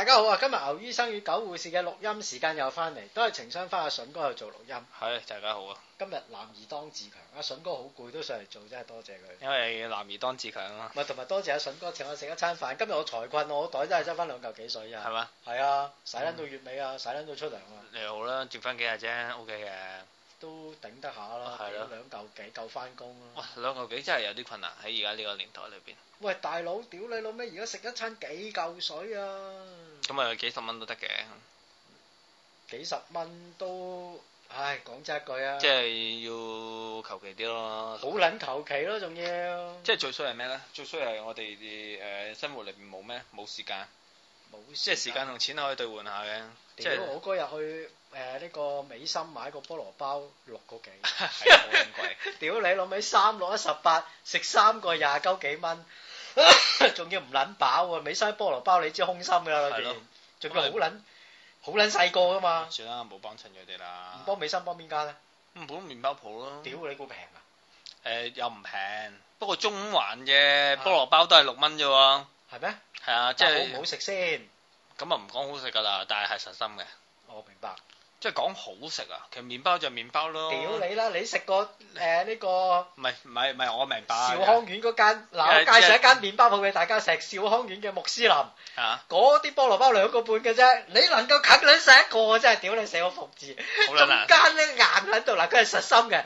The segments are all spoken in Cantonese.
大家好啊！今日牛醫生與狗護士嘅錄音時間又翻嚟，都係情商翻阿笋哥去做錄音，係大家好啊！今日男兒當自強，阿笋哥好攰都上嚟做，真係多謝佢，因為男兒當自強啊嘛。唔係，同埋多謝阿笋哥請我食一餐飯。今日我財困，我袋真係執翻兩嚿幾水啊。係嘛？係啊，洗捻到月尾啊、嗯、洗捻到出糧啊。你好啦，接翻幾日啫，OK 嘅。都頂得下啦，哦、兩兩嚿幾嚿夠翻工咯。哇，兩嚿幾真係有啲困難喺而家呢個年代裏邊。喂，大佬，屌你老咩！而家食一餐幾嚿水啊？咁啊、嗯，幾十蚊都得嘅。幾十蚊都，唉，講真一句啊。即係要求其啲咯。好撚求其咯，仲要。即係最衰係咩咧？最衰係我哋誒、呃、生活裏邊冇咩，冇時間。冇。即係時間同錢可以兌換下嘅。即係我嗰日去。誒，呢個美心買個菠蘿包六個幾，係啊，好咁貴！屌你老味，三六一十八，食三個廿九幾蚊，仲要唔捻飽。美心菠蘿包你知空心噶啦，裏邊仲要好捻，好捻細個噶嘛。算啦，冇幫襯佢哋啦。唔幫美心，幫邊家咧？咁普通麵包鋪咯。屌你，咁平啊？誒，又唔平，不過中環嘅菠蘿包都係六蚊啫喎。係咩？係啊，即係好唔好食先？咁啊，唔講好食噶啦，但係係實心嘅。我明白。即係講好食啊，其實麪包就係麪包咯。屌你啦，你食過誒呢、呃這個？唔係唔係唔係，我明白。兆康苑嗰間，嗱是、呃、我介紹一間麪包鋪俾大家食，兆康苑嘅穆斯林。嚇、啊！嗰啲菠蘿包兩個半嘅啫，你能夠近兩食一個，真係屌你寫個服字，好中間咧硬喺度嗱，佢、呃、係實心嘅。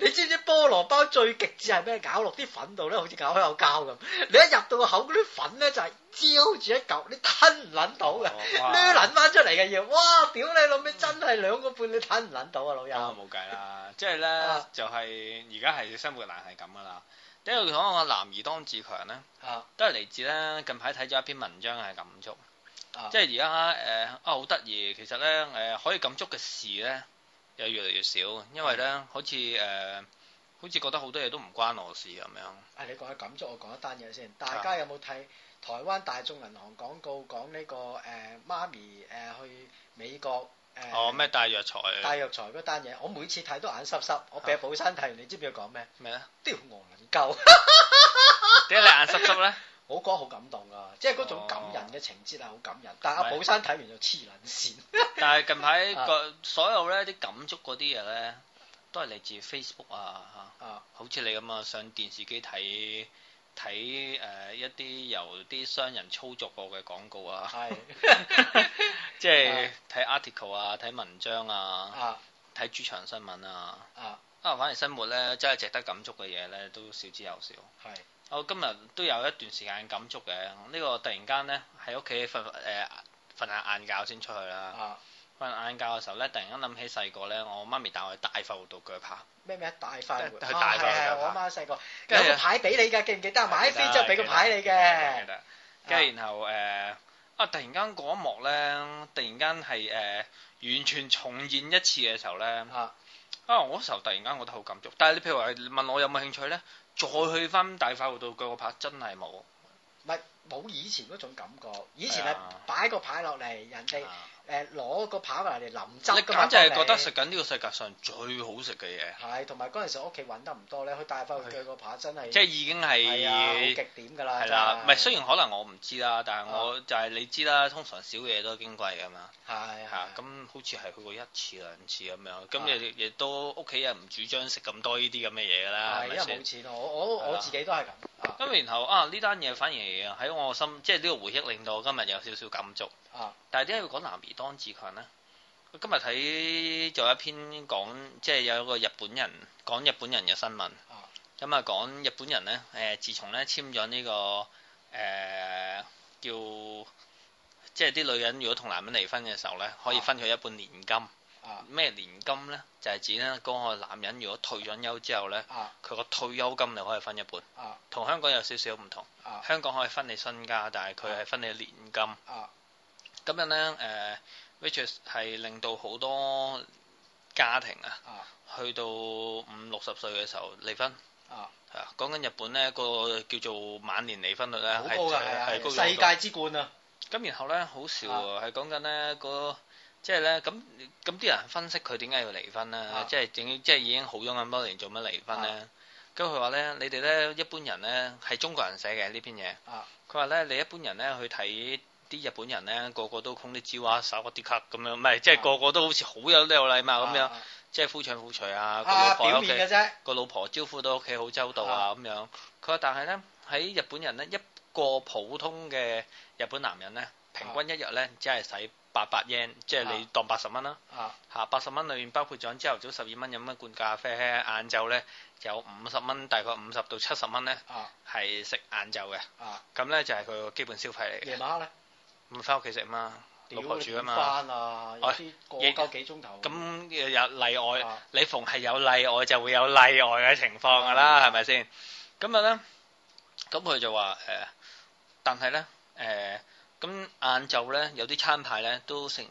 你知唔知菠蘿包最極致係咩？搞落啲粉度咧，好似搞開口膠咁。你一入到個口嗰啲粉咧，就係焦住一嚿，你吞唔捻到嘅，攣捻翻出嚟嘅嘢。哇！屌你老味真係兩個半，嗯、你吞唔捻到啊，老友。冇計啦，即係咧，啊、就係而家係生活難係咁噶啦。第一個講我男兒當自強咧，都係嚟自咧近排睇咗一篇文章係感觸，啊、即係而家誒啊好得意。其實咧誒、呃、可以感觸嘅事咧。又越嚟越少，因為咧，好似誒、呃，好似覺得好多嘢都唔關我事咁樣。誒、啊，你講起感觸，我講一單嘢先。大家有冇睇台灣大眾銀行廣告講呢、這個誒、呃，媽咪誒、呃、去美國誒？呃、哦，咩大藥材？大藥材嗰單嘢，我每次睇都眼濕濕。啊、我俾寶山睇完，你知唔知佢講咩？咩啊？屌我卵鳩，點解你眼濕濕咧？我覺得好感動㗎，即係嗰種感人嘅情節啊，好感人。但係阿寶山睇完就黐撚線。但係近排個所有呢啲感觸嗰啲嘢呢，都係嚟自 Facebook 啊嚇。啊。啊好似你咁啊，上電視機睇睇誒一啲由啲商人操作過嘅廣告啊。係。即係睇 article 啊，睇文章啊，睇主場新聞啊。啊。反而生活呢，真係值得感觸嘅嘢呢，都少之又少。係。我今日都有一段時間感觸嘅，呢個突然間咧喺屋企瞓誒瞓下晏覺先出去啦。瞓晏覺嘅時候咧，突然間諗起細個咧，我媽咪帶我去大快活度鋸扒。咩咩？大快活。大係，我媽細個有個牌俾你㗎，記唔記得？買飛之後俾個牌你嘅。跟住然後誒啊！突然間嗰一幕咧，突然間係誒完全重現一次嘅時候咧。啊！我嗰時候突然間，我覺得好感觸。但係你譬如話問我有冇興趣咧，再去翻大快活度，舉個牌，真係冇。唔係冇以前嗰種感覺。以前係擺個牌落嚟，人哋，哎誒攞個扒嚟嚟淋汁，你簡直係覺得食緊呢個世界上最好食嘅嘢。係，同埋嗰陣時屋企揾得唔多咧，佢帶翻去鋸個扒真係。即係已經係係啊，極點㗎啦。係啦，唔係雖然可能我唔知啦，但係我就係你知啦。通常少嘢都矜貴㗎嘛。係係。咁好似係去過一次兩次咁樣，咁亦亦都屋企人唔主張食咁多呢啲咁嘅嘢㗎啦。係因為冇錢，我我我自己都係咁。咁然後啊，呢單嘢反而喺我心，即係呢個回憶令到我今日有少少感觸。啊。但係點解要講男兒當自強呢？我今日睇咗一篇講，即係有一個日本人講日本人嘅新聞。咁啊，講日本人呢，誒，自從呢簽咗呢、呢個誒、呃、叫，即係啲女人如果同男人離婚嘅時候呢，可以分佢一半年金。咩年金呢？就係、係、指呢，嗰個男人如果退咗休之後呢，佢個退休金就可以分一半。同香港有少少唔同。香港可以分你身家，但係佢係分你年金。今日咧，誒，Richard 係令到好多家庭啊，去到五六十歲嘅時候離婚啊，係啊，講緊日本咧個叫做晚年離婚率咧，係世界之冠啊。咁然後咧，好笑係講緊咧個，即係咧咁咁啲人分析佢點解要離婚咧，即係點？即係已經好咗咁多年，做乜離婚咧？咁佢話咧，你哋咧一般人咧係中國人寫嘅呢篇嘢，佢話咧你一般人咧去睇。啲日本人咧，個個都空啲招啊，手握啲卡咁樣，唔係即係個個都好似好有禮貌咁樣，即係夫唱婦隨啊。個老婆啊，表面嘅啫，個老婆招呼到屋企好周到啊，咁樣。佢話：但係咧，喺日本人咧，一個普通嘅日本男人咧，平均一日咧，只係使八百 yen，即係你當八十蚊啦。啊，八十蚊裏面包括咗朝頭早十二蚊飲一罐咖啡，晏晝咧有五十蚊，大概五十到七十蚊咧，係食晏晝嘅。啊，咁咧就係佢個基本消費嚟嘅。夜晚黑咧？唔翻屋企食啊嘛，老婆住啊嘛。屌，你唔翻啊？要過夠幾鐘頭。咁有例外，你逢係有例外就會有例外嘅情況㗎啦，係咪先？咁啊咧，咁佢、嗯、就話誒、呃，但係咧誒，咁晏晝咧有啲餐牌咧都成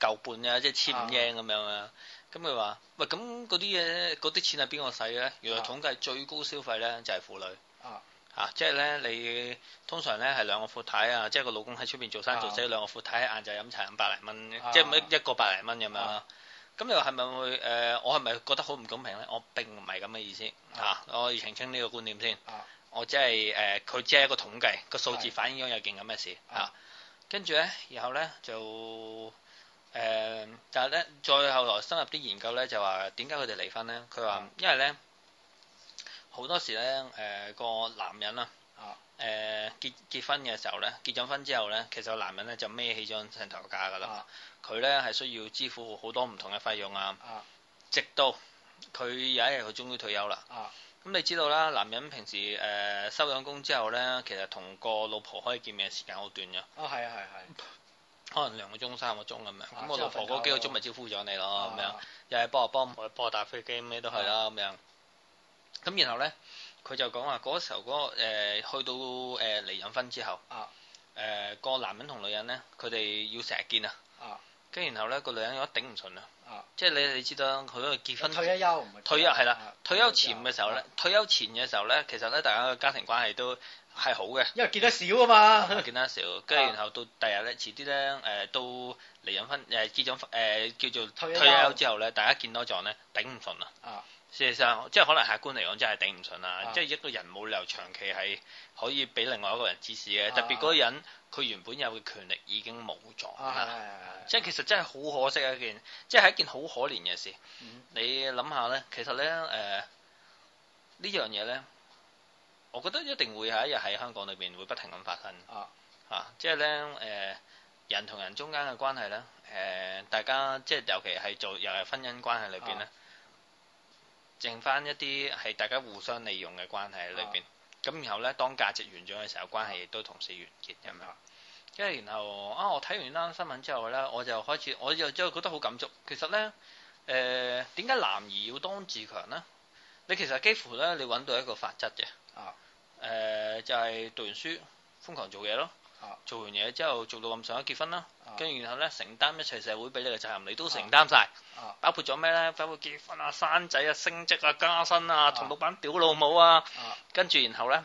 嚿半啊，即係千五英咁樣啊。咁佢話：喂，咁嗰啲嘢嗰啲錢係邊個使嘅咧？原來統計最高消費咧就係、是、婦女。啊。啊，即係咧，你通常咧係兩個闊太啊，即係個老公喺出邊做生做死，啊、兩個闊太喺晏晝飲茶五百零蚊，啊、即係一個百零蚊咁樣咯。咁、啊、你話係咪會誒、呃？我係咪覺得好唔公平咧？我並唔係咁嘅意思啊，啊，我要澄清呢個觀念先。啊、我即係誒，佢、呃、只係一個統計，個數字反映咗有件咁嘅事啊。跟住咧，然、啊、後咧就誒、呃，但係咧再後來深入啲研究咧就話點解佢哋離婚咧？佢話因為咧。好多時咧，誒個男人啊，誒結結婚嘅時候咧，結咗婚之後咧，其實個男人咧就孭起張成頭架噶啦，佢咧係需要支付好多唔同嘅費用啊，直到佢有一日佢終於退休啦，咁你知道啦，男人平時誒收咗工之後咧，其實同個老婆可以見面嘅時間好短㗎，啊係啊係係，可能兩個鐘三個鐘咁樣，咁個老婆嗰幾個鐘咪招呼咗你咯，咁樣又係幫我幫，幫打飛機咩都係啦，咁樣。咁然後咧，佢就講話嗰時候嗰個誒去到誒離隱婚之後，誒個男人同女人咧，佢哋要成日見啊，跟然後咧個女人又頂唔順啊。即係你你知道，佢結婚退休係啦，退休前嘅時候咧，退休前嘅時候咧，其實咧大家嘅家庭關係都係好嘅，因為見得少啊嘛，見得少，跟然後到第日咧，遲啲咧誒都離隱婚誒結咗婚誒叫做退休之後咧，大家見多咗咧頂唔順啊。事實上，即係可能客觀嚟講，真係頂唔順啦。即係一個人冇理由長期係可以俾另外一個人指使嘅，特別嗰個人佢原本有嘅權力已經冇咗。即係其實真係好可惜一件，即係一件好可憐嘅事。你諗下呢，其實呢，誒呢樣嘢呢，我覺得一定會有一日喺香港裏邊會不停咁發生。啊即係呢，誒人同人中間嘅關係呢，誒大家即係尤其係做又係婚姻關係裏邊呢。剩返一啲係大家互相利用嘅關係喺裏邊，咁、啊、然後咧當價值完咗嘅時候，關係亦都同時完結咁樣。跟住、啊、然後啊，我睇完單新聞之後咧，我就開始我又真係覺得好感觸。其實咧誒，點、呃、解男兒要當自強咧？你其實幾乎咧你搵到一個法則嘅啊誒、呃，就係、是、讀完書瘋狂做嘢咯。做完嘢之後做到咁上下結婚啦，跟住、啊、然後咧承擔一切社會俾你嘅責任，你都承擔晒，啊啊、包括咗咩咧？包括結婚啊、生仔啊、升職啊、加薪啊、同老闆屌老母啊，啊跟住然後咧，誒、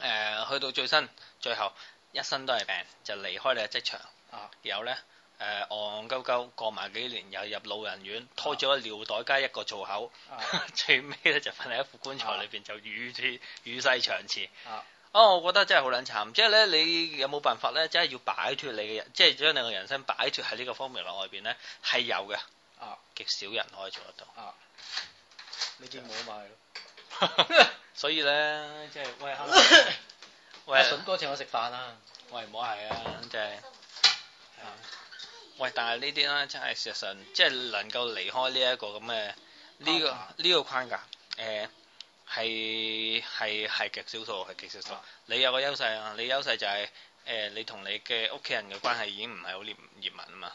呃、去到最新最後一，一身都係病就離開你嘅職場，啊、然後咧誒戇戇鳩鳩過埋幾年又入老人院，拖咗個尿袋加一個造口，啊、最尾咧就瞓喺副棺材裏邊就與與世長辭。哦，我覺得真係好卵慘，即係咧，你有冇辦法咧？真、就、係、是、要擺脱你嘅人，即、就、係、是、將你個人生擺脱喺呢個方面落外邊咧，係有嘅。啊，極少人可以做得到。啊，你唔好啊嘛？ 所以咧，即係喂，阿順哥請我食飯啦。喂，唔好係啊，真係、就是。啊、喂，但係呢啲咧，真係事實上，即係能夠離開呢一個咁嘅呢個呢、啊、個框架，誒、呃。係係係極少數，係極少數。啊、你有個優勢啊！你優勢就係、是、誒、呃，你同你嘅屋企人嘅關係已經唔係好嚴嚴密啊嘛。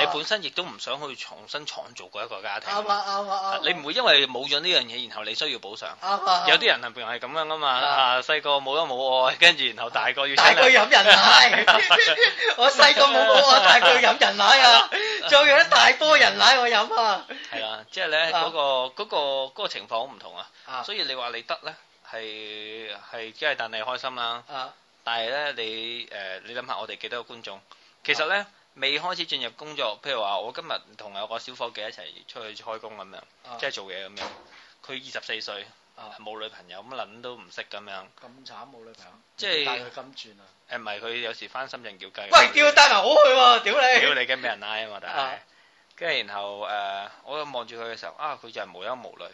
你本身亦都唔想去重新創造過一個家庭、啊啊啊啊。你唔會因為冇咗呢樣嘢，然後你需要補償。有啲人係係咁樣㗎嘛。啊，細個冇咗冇愛，跟住然後大個要、啊、大個飲人奶。 我細個冇母愛，大個飲人奶啊！ 仲有一大波人奶我飲啊！係啊，即係咧嗰個嗰個嗰個情況好唔同啊，所以你話你得咧係係即係但係你開心啦，但係咧你誒你諗下我哋幾多個觀眾，其實咧。未開始進入工作，譬如話我今日同有個小伙計一齊出去開工咁樣，即係做嘢咁樣。佢二十四歲，冇女朋友，乜撚都唔識咁樣。咁慘冇女朋友，即係帶佢咁轉啊！誒，唔係佢有時翻深圳叫雞。喂，叫帶埋好去喎！屌你！屌你嘅俾人拉啊嘛！大係，跟住然後誒，我望住佢嘅時候啊，佢就係無憂無慮。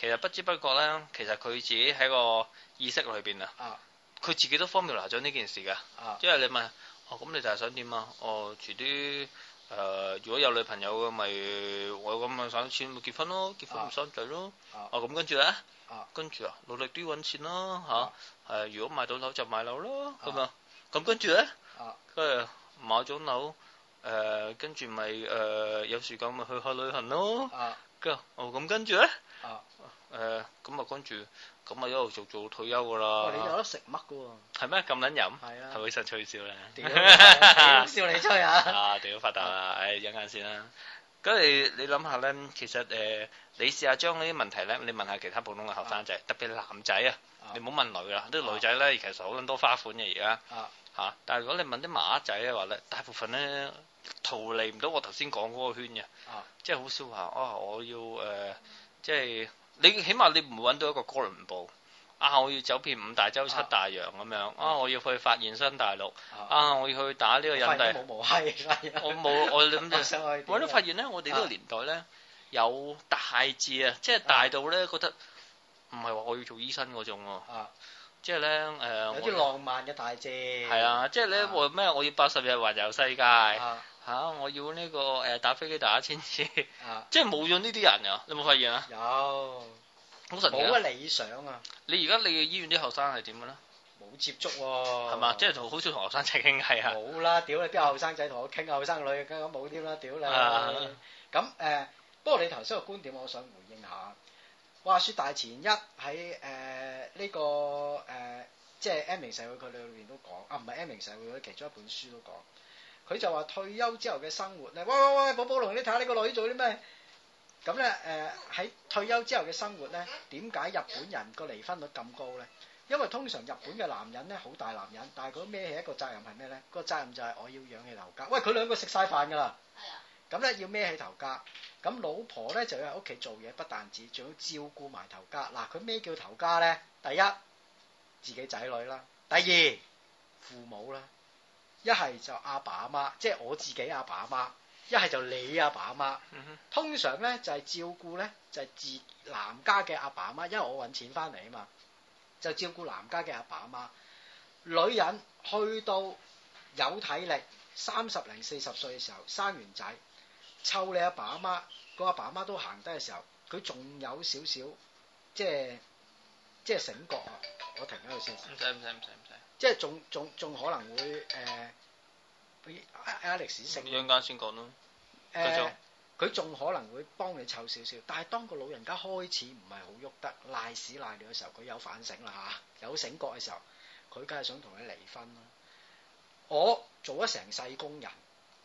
其實不知不覺咧，其實佢自己喺個意識裏邊啊，佢自己都方便拿咗呢件事㗎。即係你問。哦，咁、嗯、你就係想點啊？哦，遲啲誒，如果有女朋友嘅、啊、咪我咁咪想錢咪結婚咯，結婚唔生仔咯。哦，咁跟住咧？啊，啊嗯、跟住啊，努力啲揾錢咯，吓、啊，誒、啊，如果買到樓就買樓咯，咁啊，咁跟住咧？啊，跟住、嗯、買咗樓，誒、呃，跟住咪誒有時間咪去下旅行咯。啊、行哦，咁跟住咧？啊、嗯。嗯嗯嗯嗯嗯嗯嗯誒，咁啊，跟住，咁啊一路做做退休噶啦。你有得食乜噶？係咩咁捻飲？係啊，係咪神吹笑咧？屌笑你吹啊！啊，電腦發達啦，唉，忍間先啦。咁你你諗下咧，其實誒，你試下將呢啲問題咧，你問下其他普通嘅後生仔，特別男仔啊，你唔好問女啦，啲女仔咧其實好捻多花款嘅而家。啊。吓，但係如果你問啲麻甩仔嘅話咧，大部分咧逃離唔到我頭先講嗰個圈嘅。啊。即係好少話，我要誒，即係。你起碼你唔會揾到一個哥倫布啊！我要走遍五大洲七大洋咁樣啊！我要去發現新大陸啊！我要去打呢個隱蔽。我冇，我諗住。我都發現咧，我哋呢個年代咧有大志啊！即係大到咧覺得唔係話我要做醫生嗰種啊！即係咧誒。有啲浪漫嘅大志。係啊！即係咧，我咩？我要八十日環遊世界。嚇！我要呢個誒打飛機打一千次，即係冇咗呢啲人啊，你有冇發現啊？有，好神，冇個理想啊！你而家你醫院啲後生係點嘅咧？冇接觸喎。係嘛？即係同好少同學生仔傾偈啊！冇啦，屌你啲後生仔同我傾啊，後生女更加冇啲啦，屌你！咁誒，不過你頭先個觀點，我想回應下。話説大前一喺誒呢個誒，即係《M 社會》佢裏面都講啊，唔係《M 社會》佢其中一本書都講。佢就話退休之後嘅生活咧，喂喂喂，寶寶龍，你睇下你個女做啲咩？咁咧，誒、呃、喺退休之後嘅生活咧，點解日本人個離婚率咁高咧？因為通常日本嘅男人咧好大男人，但係佢孭起一個責任係咩咧？個責任就係我要養起頭家。喂，佢兩個食晒飯㗎啦，咁咧要孭起頭家。咁老婆咧就要喺屋企做嘢，不但止仲要照顧埋頭家。嗱，佢咩叫頭家咧？第一自己仔女啦，第二父母啦。一係就阿爸阿媽，即係我自己阿爸阿媽；一係就你阿爸阿媽。通常咧就係、是、照顧咧就係、是、自男家嘅阿爸阿媽，因為我搵錢翻嚟啊嘛，就照顧男家嘅阿爸阿媽。女人去到有體力三十零四十歲嘅時候，生完仔，湊你阿爸阿媽，個阿爸阿媽都行低嘅時候，佢仲有少少即係即係醒覺啊！我停喺度先，唔使唔使唔使唔使。即係仲仲仲可能會誒、呃、Alex 升，一陣間先講咯。誒，佢、呃、仲可能會幫你湊少少，但係當個老人家開始唔係好喐得，賴屎賴尿嘅時候，佢有反省啦嚇、啊，有醒覺嘅時候，佢梗係想同你離婚啦。我做咗成世工人，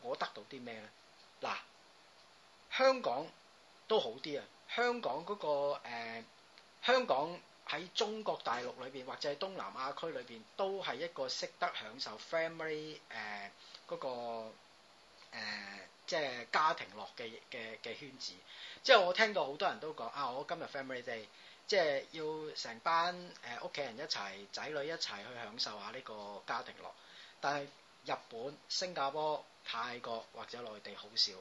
我得到啲咩咧？嗱，香港都好啲啊，香港嗰、那個、呃、香港。喺中國大陸裏邊，或者喺東南亞區裏邊，都係一個識得享受 family 誒、呃、嗰、嗰個、呃、即係家庭樂嘅嘅嘅圈子。即係我聽到好多人都講啊，我今日 family day，即係要成班誒屋企人一齊仔女一齊去享受下呢個家庭樂。但係日本、新加坡、泰國或者內地好少。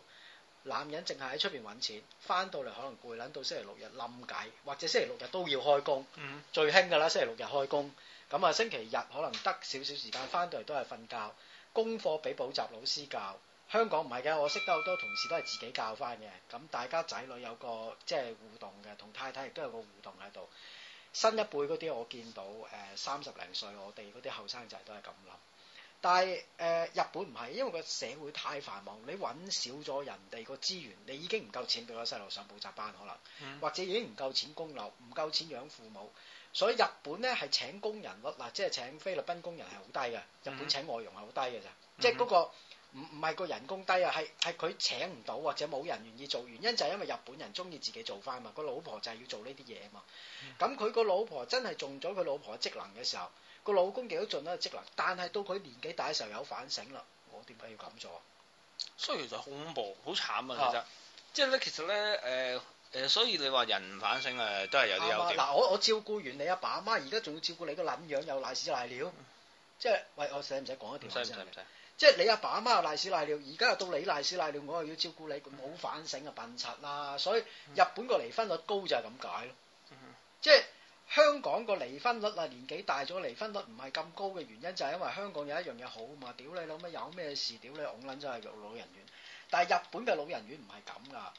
男人淨係喺出邊揾錢，翻到嚟可能攰撚，到星期六日冧偈，或者星期六日都要開工，嗯、最興㗎啦！星期六日開工，咁、嗯、啊星期日可能得少少時間，翻到嚟都係瞓覺，功課俾補習老師教。香港唔係嘅，我識得好多同事都係自己教翻嘅。咁、嗯、大家仔女有個即係互動嘅，同太太亦都有個互動喺度。新一輩嗰啲我見到誒三十零歲我，我哋嗰啲後生仔都係咁諗。但係誒、呃、日本唔係，因為個社會太繁忙，你揾少咗人哋個資源，你已經唔夠錢俾個細路上補習班可能，mm hmm. 或者已經唔夠錢供樓，唔夠錢養父母，所以日本呢係請工人率，嗱即係請菲律賓工人係好低嘅，日本請外傭係好低嘅咋，mm hmm. 即係嗰、嗰個唔唔係個人工低啊，係係佢請唔到或者冇人願意做，原因就係因為日本人中意自己做翻嘛，個老婆就係要做呢啲嘢啊嘛，咁佢個老婆真係中咗佢老婆職能嘅時候。個老公幾好盡到嘅職能，但係到佢年紀大嘅時候有反省啦，我點解要咁做？所以其實好恐怖，好慘啊，其實，即係咧，其實咧，誒，誒，所以你話人反省誒，都係有啲優點。嗱，我我照顧完你阿爸阿媽，而家仲要照顧你個撚樣，又賴屎賴尿，即係喂，我使唔使講一條？即係你阿爸阿媽又賴屎賴尿，而家又到你賴屎賴尿，我又要照顧你，咁好反省啊，笨柒啦！所以日本個離婚率高就係咁解咯，即係。香港個離婚率啊，年紀大咗離婚率唔係咁高嘅原因就係、是、因為香港有一樣嘢好啊嘛，屌你諗乜有咩事？屌你戇撚真係老人院。但係日本嘅老人院唔係咁噶，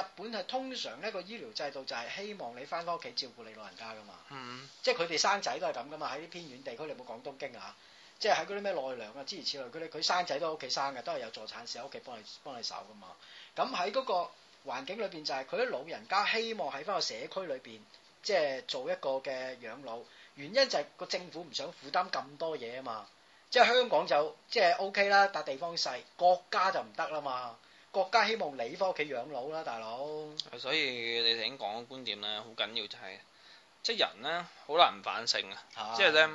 日本係通常呢個醫療制度就係希望你翻返屋企照顧你老人家噶嘛，嗯、即係佢哋生仔都係咁噶嘛，喺啲偏遠地區，你冇講東京啊，即係喺嗰啲咩奈良啊，諸如此類，佢哋佢生仔都喺屋企生嘅，都係有助產師喺屋企幫你幫你手噶嘛。咁喺嗰個環境裏邊就係佢啲老人家希望喺翻個社區裏邊。即係做一個嘅養老，原因就係個政府唔想負擔咁多嘢啊嘛。即係香港就即係 OK 啦，但地方細，國家就唔得啦嘛。國家希望你翻屋企養老啦，大佬。所以你頭先講嘅觀點咧，好緊要就係，即係人咧好難唔反省。啊。即係咧，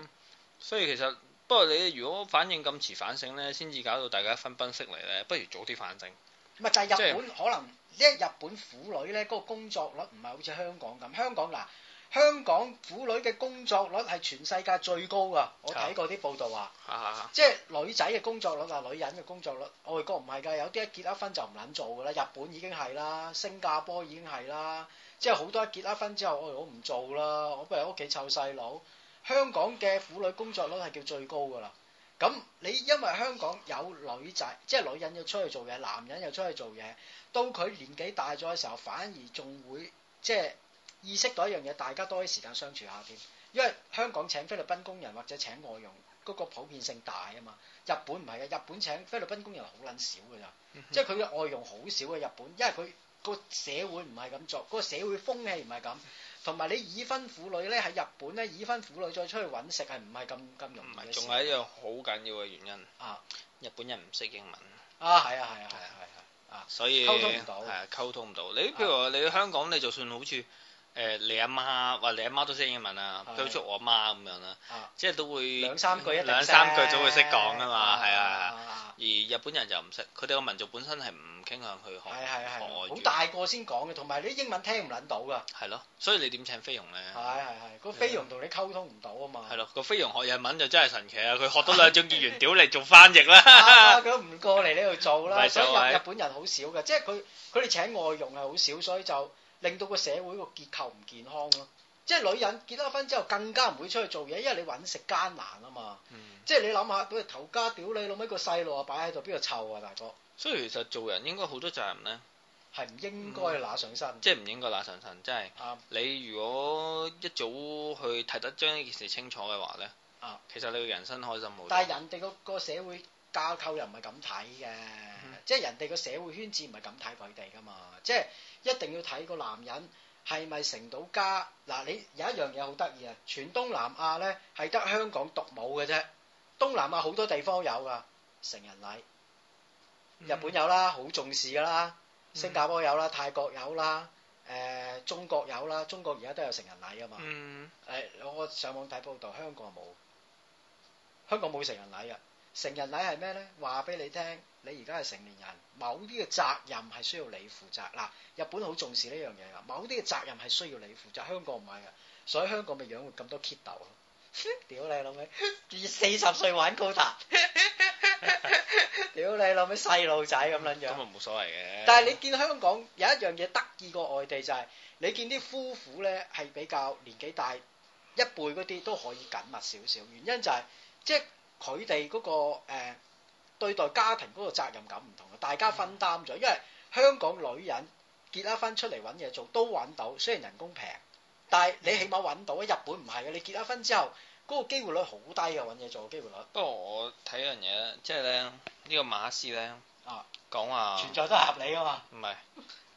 所以其實不過你如果反應咁遲反省咧，先至搞到大家分崩析離咧，不如早啲反省。唔係就係日本可能。呢日本婦女咧嗰個工作率唔係好似香港咁，香港嗱，香港婦女嘅工作率係全世界最高噶，我睇過啲報道啊，即係女仔嘅工作率啊，女人嘅工作率，外國唔係㗎，有啲一結一婚就唔撚做㗎啦，日本已經係啦，新加坡已經係啦，即係好多一結一婚之後，我唔做啦，我不如喺屋企湊細路。香港嘅婦女工作率係叫最高㗎啦。咁你因為香港有女仔，即係女人要出去做嘢，男人又出去做嘢，到佢年紀大咗嘅時候，反而仲會即係意識到一樣嘢，大家多啲時間相處下添。因為香港請菲律賓工人或者請外傭，嗰個普遍性大啊嘛。日本唔係嘅，日本請菲律賓工人好撚少㗎咋，即係佢嘅外佣好少嘅。日本，因為佢個社會唔係咁做，個社會風氣唔係咁。同埋你已婚婦女咧，喺日本咧，已婚婦女再出去揾食係唔係咁容易嘅事？唔係，仲係一樣好緊要嘅原因。啊！日本人唔識英文。啊，係啊，係啊，係啊，係啊！啊，所以溝通唔到。係啊，溝通唔到。你譬如話你去香港，你就算好似誒、呃，你阿媽或你阿媽都識英文啊，對住我阿媽咁樣啦，啊、即係都會兩三句一定三。兩三句都會識講啊嘛，係啊。而日本人就唔識，佢哋個民族本身係唔傾向去學外語，好大個先講嘅，同埋你英文聽唔撚到噶。係咯，所以你點請菲傭咧？係係係，個菲傭同你溝通唔到啊嘛。係咯，個菲傭學日文就真係神奇啊！佢的學到兩種語言屌嚟做翻譯啦，佢唔、 啊、過嚟呢度做啦，所以日日本人好少嘅，即係佢佢哋請外傭係好少，所以就令到個社會個結構唔健康咯。即係女人結咗婚之後更加唔會出去做嘢，因為你揾食艱難啊嘛。嗯、即係你諗下，佢哋頭家屌你老味、個細路啊，擺喺度邊度湊啊，大哥。所以其實做人應該好多責任呢，係唔應該拿上、嗯、上身。即係唔應該拿上身，即係、啊。啱。你如果一早去睇得將呢件事清楚嘅話呢，啊，其實你個人生開心好多。但係人哋個社會架構又唔係咁睇嘅，嗯、即係人哋個社會圈子唔係咁睇佢哋噶嘛，即係一定要睇個男人。係咪成到家？嗱，你有一樣嘢好得意啊！全東南亞咧係得香港獨冇嘅啫。東南亞好多地方有㗎成人禮，日本有啦，好重視㗎啦，新加坡有啦，泰國有啦，誒、呃、中國有啦，中國而家都有成人禮啊嘛。誒、嗯哎，我上網睇報道，香港冇，香港冇成人禮啊！成人禮係咩咧？話俾你聽，你而家係成年人，某啲嘅責任係需要你負責。嗱，日本好重視呢樣嘢噶，某啲嘅責任係需要你負責。香港唔係噶，所以香港咪養活咁多 kidult 啊！屌 你老味，而四十歲玩高達，屌 你老味，細路仔咁捻樣，咁啊冇所謂嘅。但係你見香港有一樣嘢得意過外地，就係、是、你見啲夫婦咧係比較年紀大一輩嗰啲都可以緊密少少，原因就係、是、即係。佢哋嗰個誒、呃、對待家庭嗰個責任感唔同嘅，大家分擔咗。因為香港女人結咗婚出嚟揾嘢做都揾到，雖然人工平，但係你起碼揾到。日本唔係嘅，你結咗婚之後嗰、嗰個機會率好低嘅、啊，揾嘢做嘅機會率。不過我睇一樣嘢即係咧呢、這個馬克思咧，講話存在都係合理噶嘛。唔係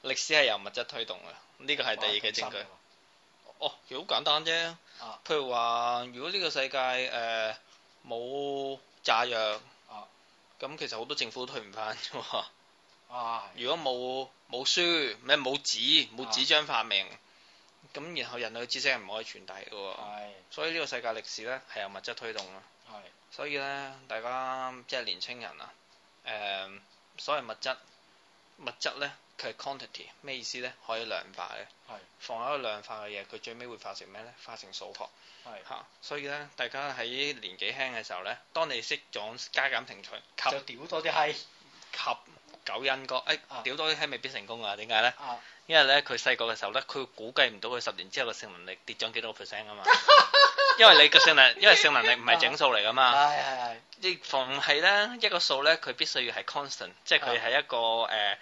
歷史係由物質推動嘅，呢個係第二嘅證據。啊、哦，其實好簡單啫。譬、啊、如話，如果呢個世界誒，呃呃冇炸藥，咁其實好多政府都推唔翻啫。如果冇冇書，咩冇紙，冇紙張發明，咁、啊、然後人類嘅知識係唔可以傳遞嘅喎。所以呢個世界歷史呢係由物質推動嘅。所以、呃、所以呢，大家即係年青人啊，所謂物質，物質呢。佢係 quantity，咩意思咧？可以量化嘅，係放喺個量化嘅嘢，佢最尾會化成咩咧？化成數學，係嚇。所以咧，大家喺年紀輕嘅時候咧，當你識咗加減乘除，就屌多啲閪，及九因歌，哎，屌多啲閪未必成功啊？點解咧？因為咧，佢細個嘅時候咧，佢估計唔到佢十年之後嘅性能力跌咗幾多 percent 啊嘛。因為你嘅性能力，因為性能力唔係整數嚟噶嘛。係，係，係。即係凡係咧一個數咧，佢必須要係 constant，即係佢係一個誒。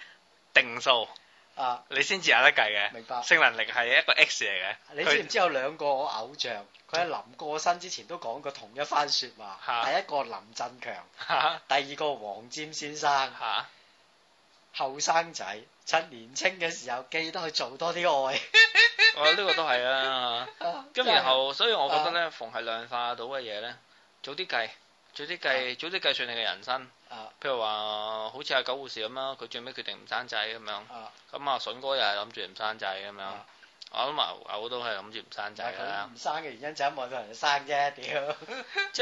定數啊，你先至有得計嘅。明白。性能力係一個 X 嚟嘅。你知唔知有兩個我偶像，佢喺臨過身之前都講過同一番說話。吓。第一個林振強。吓。第二個黃霑先生。吓。後生仔，趁年青嘅時候，記得去做多啲愛。我呢個都係啊。咁然後，所以我覺得呢，逢係量化到嘅嘢呢，早啲計。早啲計，早啲計算你嘅人生。譬如話，好似阿狗護士咁樣，佢最尾決定唔生仔咁樣。咁阿筍哥又係諗住唔生仔咁樣。我諗埋，我都係諗住唔生仔啦。唔生嘅原因就係望到人哋生啫，屌！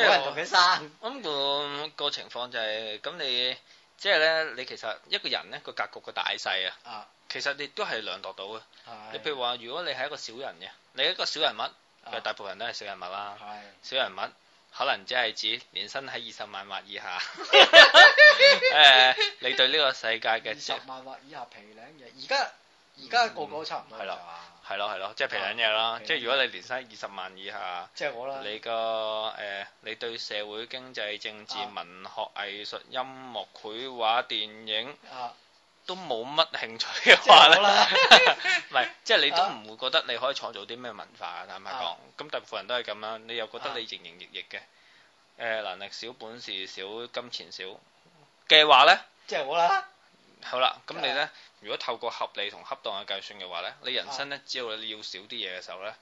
冇人同佢生。咁個情況就係咁你，即係咧，你其實一個人咧個格局嘅大細啊，其實你都係量度到嘅。你譬如話，如果你係一個小人嘅，你一個小人物，其實大部分人都係小人物啦，小人物。可能即係指年薪喺二十萬或以下。誒，你對呢個世界嘅二十萬或以下皮靚嘢，而家而家個個都差唔多。係啦，係咯，係咯，即係皮靚嘢啦。即係如果你年薪二十萬以下，即係我啦。你個誒、呃，你對社會經濟、政治、啊、文學、藝術、音樂、繪畫、電影。啊都冇乜興趣嘅話咧，唔係，即係你都唔會覺得你可以創造啲咩文化嘅、啊，坦白講。咁、啊、大部分人都係咁樣，你又覺得你營營役役嘅，誒、啊呃、能力少、本事少、金錢少嘅話呢，即係好啦。好啦，咁、嗯、你咧，如果透過合理同恰當嘅計算嘅話咧，你人生咧只要你要少啲嘢嘅時候咧，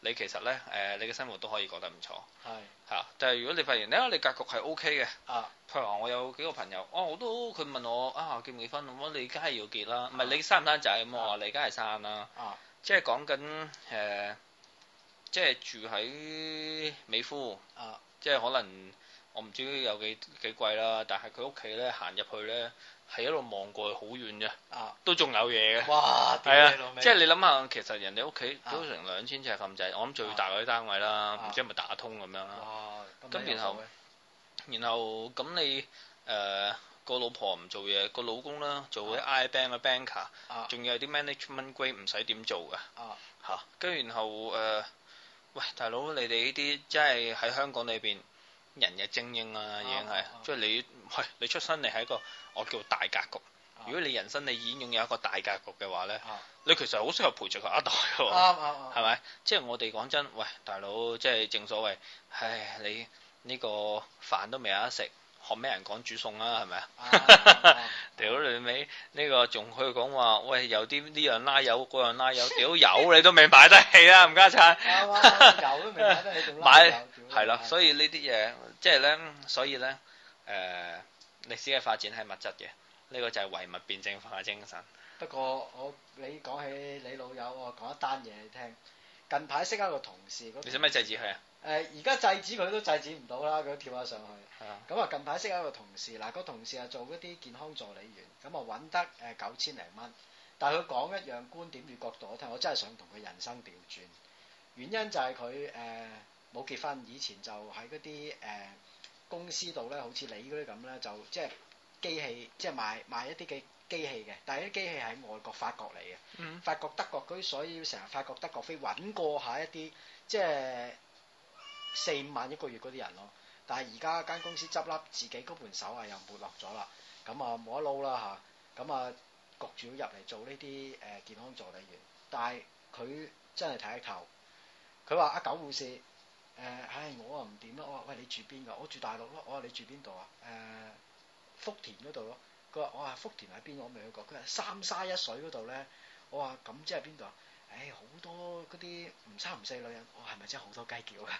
你其實咧，誒、呃，你嘅生活都可以過得唔錯。係是，嚇、啊，但係如果你發現咧，你格局係 O K 嘅，啊、譬如話我有幾個朋友，哦，我都佢問我啊結唔結婚咁，我你梗係要結啦，唔係你生唔生仔咁，我話你梗係生啦。啊，即係講緊誒，即係住喺美孚，啊、即係可能我唔知有幾幾貴啦，但係佢屋企咧行入去咧。係一路望過去好遠啫，都仲有嘢嘅。哇！係啊，即係你諗下，其實人哋屋企都成兩千尺咁滯，啊、我諗最大嗰啲單位啦，唔、啊、知係咪打通咁樣啦。咁然後，然後咁、啊、你誒、呃嗰個老婆唔做嘢，個老公啦做啲 I bank 啊 banker，仲有啲 management grade 唔使點做噶。嚇、啊！跟住、啊、然後誒、呃，喂大佬，你哋呢啲即係喺香港裏邊，人嘅精英啊，已經係，oh, oh, okay. 即係你係你出生你係一個我叫大格局。Oh, okay. 如果你人生你已經擁有一個大格局嘅話呢，oh, okay. 你其實好適合陪住佢一代喎、啊。啱啱，係咪？即係我哋講真，喂，大佬，即係正所謂，唉，你呢個飯都未有得食，學咩人講煮餸啊？係咪啊？Oh, okay. 屌你尾，呢個仲可以講話？喂，有啲呢樣拉油，嗰樣拉油，屌油，油你都未買得起啊，冚家鏟，油都未買得起，仲拉油，係啦買。所以呢啲嘢，即係咧，所以咧，誒、呃，歷史嘅發展係物質嘅，呢、這個就係唯物辯證法嘅精神。不過我你講起你老友，我講一單嘢你聽。近排識一個同事，那個、同事你想咩制止佢啊？誒而家制止佢都制止唔到啦，佢跳咗上去。咁啊近排識一個同事，嗱、個同事啊做嗰啲健康助理員，咁啊揾得誒九千零蚊。但係佢講一樣觀點與角度，我聽我真係想同佢人生調轉。原因就係佢誒冇結婚，以前就喺嗰啲誒公司度咧，好似你嗰啲咁咧，就即係機器，即係賣賣一啲嘅機,機器嘅。但係啲機器喺外國法國嚟嘅，法國德國嗰啲所以成日法國德國飛揾過下一啲即係。四五萬一個月嗰啲人咯，但係而家間公司執笠，自己嗰盤手藝又沒落咗啦，咁啊冇得撈啦嚇，咁啊焗住要入嚟做呢啲誒健康助理員，但係佢真係睇嘅頭，佢話阿狗護士誒、呃，唉我啊唔掂咯，我話喂你住邊㗎？我住大陸咯，我話你住邊度啊？誒、呃、福田嗰度咯，佢話我話福田喺邊？我未去過，佢話三沙一水嗰度咧，我話咁即係邊度啊？唉，好多嗰啲唔三唔四女人，我係咪真係好多雞叫㗎？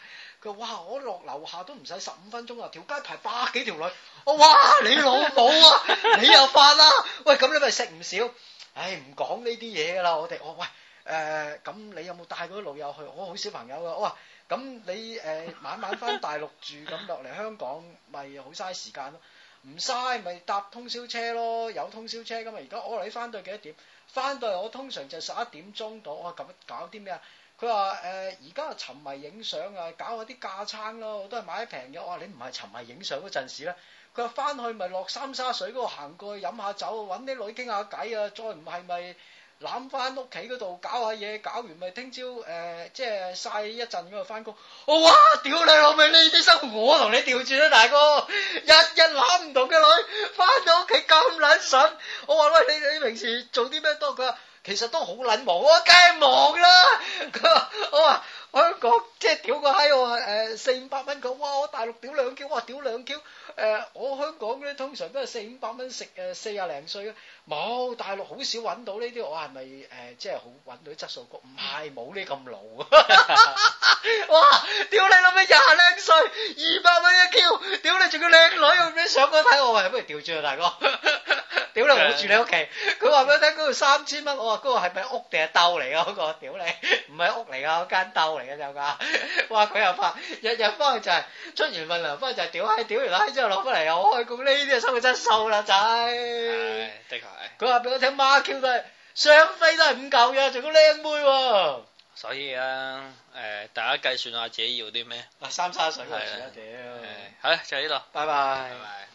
佢話：哇，我落樓下都唔使十五分鐘啊，條街排百幾條女。我話：你老母啊，你又發啦？喂，咁你咪食唔少。唉，唔講呢啲嘢㗎啦，我哋。我喂，誒，咁你有冇帶嗰啲老友去？我好少朋友㗎。哇，咁你誒晚晚翻大陸住，咁落嚟香港咪好嘥時間咯？唔嘥咪搭通宵車咯，有通宵車咁嘛！而家我話你翻到幾多點？翻到嚟我通常就十一點鐘到，我、哦、咁搞啲咩啊？佢話誒而家沉迷影相啊，搞下啲架撐咯，我都係買得平嘅。我、哦、話你唔係沉迷影相嗰陣時咧，佢話翻去咪落三沙水嗰度行過去飲下酒，揾啲女傾下偈啊，再唔係咪？攬翻屋企嗰度搞下嘢，搞完咪聽朝誒，即係晒一陣咁啊翻工。我話，屌你老味呢啲生活，我同你調轉啦，大哥！日日攬唔同嘅女，翻到屋企咁卵神。我話喂，你你平時做啲咩多？佢話其實都好卵忙，我梗係忙啦。佢 我話。香港即係屌個閪喎，誒、呃、四五百蚊佢，哇！我大陸屌兩 Q，哇！屌兩 Q，誒我香港咧通常都係四五百蚊食誒四廿零歲咯，冇大陸好少揾到呢啲，我係咪誒即係好揾到質素局？唔係，冇呢咁老，哇！屌、呃、 你攞咩廿零歲，二百蚊一 Q，屌你仲叫靚女啊？用你上網睇我係、哎、不如掉轉啊大哥！ 屌你，唔好住你屋企，佢話俾我聽嗰度三千蚊，我話嗰個係咪屋定係兜嚟啊？嗰個，屌你，唔係屋嚟噶，嗰間兜嚟嘅就噶。話佢又怕，日日翻嚟就係出完份糧翻嚟就係屌拉，屌完拉之後攞翻嚟又開工，呢啲係生活質素啦，仔。係，的確係。佢話俾我聽馬橋就係雙飛都係五舊嘅，仲有靚妹。所以啊，誒，大家計算下自己要啲咩？三叉水，係啊，屌。誒，好啦，就係呢度，拜拜。拜拜。